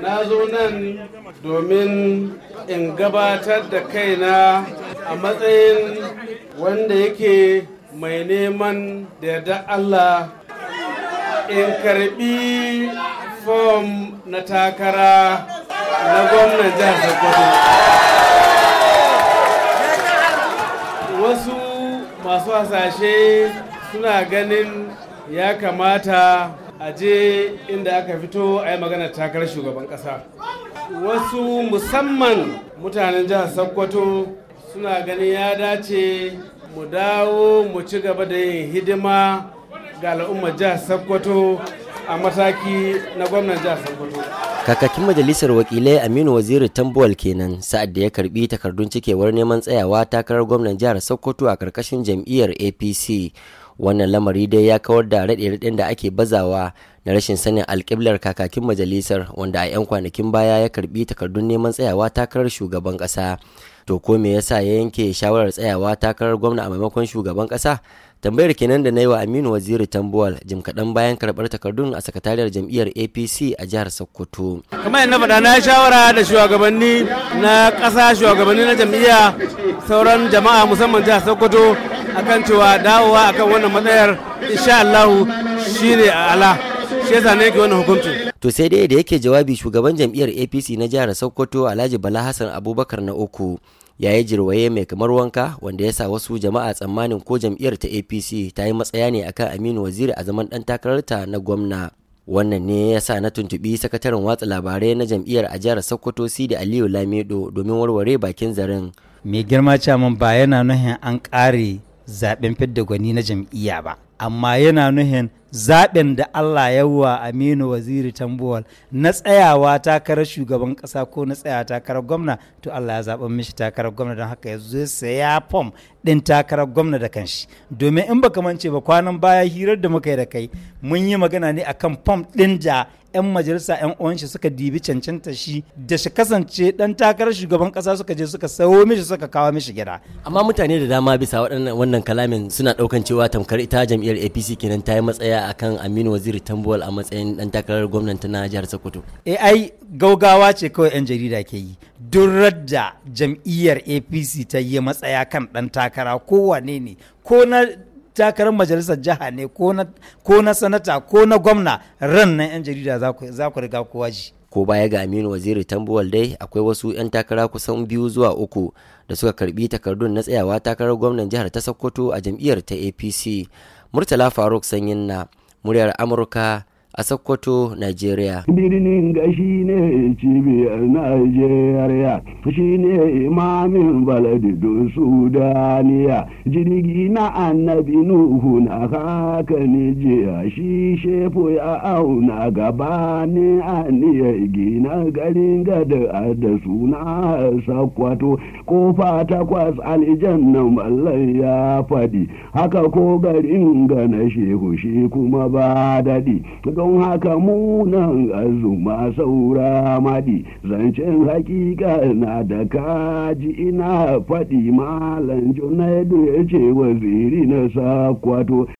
na zo nan domin in gabatar da kaina a matsayin wanda yake mai neman da yarda Allah in karbi fom na takara na gwamnan jihar Sokoto. Wasu masu hasashe suna ganin ya kamata a je inda aka fito a yi magana takarar shugaban kasa wasu musamman mutanen jihar sokoto suna ganin ya dace mu dawo mu ci gaba da yin hidima ga al'ummar jihar sokoto a mataki na gwamnan jihar sokoto kakakin majalisar wakilai aminu waziri tambuwal kenan sa'ad da ya karbi takardun cikewar neman tsayawa takarar gwamnan jihar sokoto a karkashin jam'iyyar apc wannan lamari dai ya kawar da raɗe-raɗen da ake bazawa na rashin sanin alƙiblar kakakin majalisar wanda a 'yan kwanakin baya ya karbi takardun neman tsayawa takarar shugaban ƙasa to ko me yasa ya yanke shawarar tsayawa takarar gwamna a maimakon shugaban ƙasa tambayar kenan da na yi wa aminu waziri tambuwal jim kaɗan bayan karɓar takardun a sakatariyar jam'iyyar apc a jihar sokoto kamar yadda faɗa na shawara da shugabanni na ƙasa shugabanni na jam'iyya sauran jama'a musamman jihar sokoto akan cewa dawowa akan wannan matsayar insha Allahu shine ala shi yasa ne yake wannan hukunci to sai dai da yake jawabi shugaban jam'iyyar apc na jihar sokoto alhaji bala hassan abubakar na uku ya yi jirwaye mai kamar wanka wanda ya sa wasu jama'a tsammanin ko jam'iyyar ta apc ta yi matsaya ne akan aminu waziri a zaman dan takararta na gwamna wannan ne ya sa na tuntubi sakataren watsa labarai na jam'iyyar a jihar sokoto sidi aliyu lamido domin warware bakin zarin. mai girma caman ba yana nuhin an ƙare zaben fidda gwani na jam'iyya ba amma yana nuhin zaben da Allah ya wa Aminu Waziri Tambuwal na tsayawa takarar shugaban kasa ko na tsaya takarar gwamna to Allah ya zaɓa mishi takarar gwamna don haka ya zo saya fom ɗin takarar gwamna da kanshi domin in baka mance ba kwanan baya hirar da muka yi da kai mun yi magana ne akan fom ɗin da 'yan majalisa 'yan uwan shi suka dibi cancanta shi da shi kasance dan takarar shugaban kasa suka je suka sayo mishi suka kawo mishi gida amma mutane da dama bisa wannan kalamin suna ɗaukan cewa tamkar ita jam'iyyar APC kenan ta yi matsaya akan Aminu Waziri Tambuwal a matsayin dan takarar gwamnati na jihar Sokoto eh, AI gaugawa ce kawai 'yan jarida ke yi durar da jam'iyyar APC ta yi matsaya kan dan takara kowane ne ko na takarar majalisar jiha ne ko na sanata ko na gwamna ran nan 'yan jarida za ku riga kowa ji. ko baya ga aminu waziri tambuwal dai akwai wasu 'yan takara kusan biyu zuwa uku da suka karbi takardun na tsayawa takarar gwamnan jihar ta sokoto a jam'iyyar ta apc murtala faruk sanyin na muryar amurka a Sokoto, Najeriya. Birnin gashi ne cibiyar Najeriya, shi ne imamin baladi Sudaniya, jirgi na annabi Nuhu na haka Nijiya, shi shefo ya auna gaba ne aniyar gina garin gada da suna Sokoto, kofa takwas aljannan mallan ya faɗi, haka ko garin gana shehu shi kuma ba daɗi. don haka munan azuma saura maɗi zancen hakika na da kaji ina faɗi malam junaidu ya ce waziri na sakwato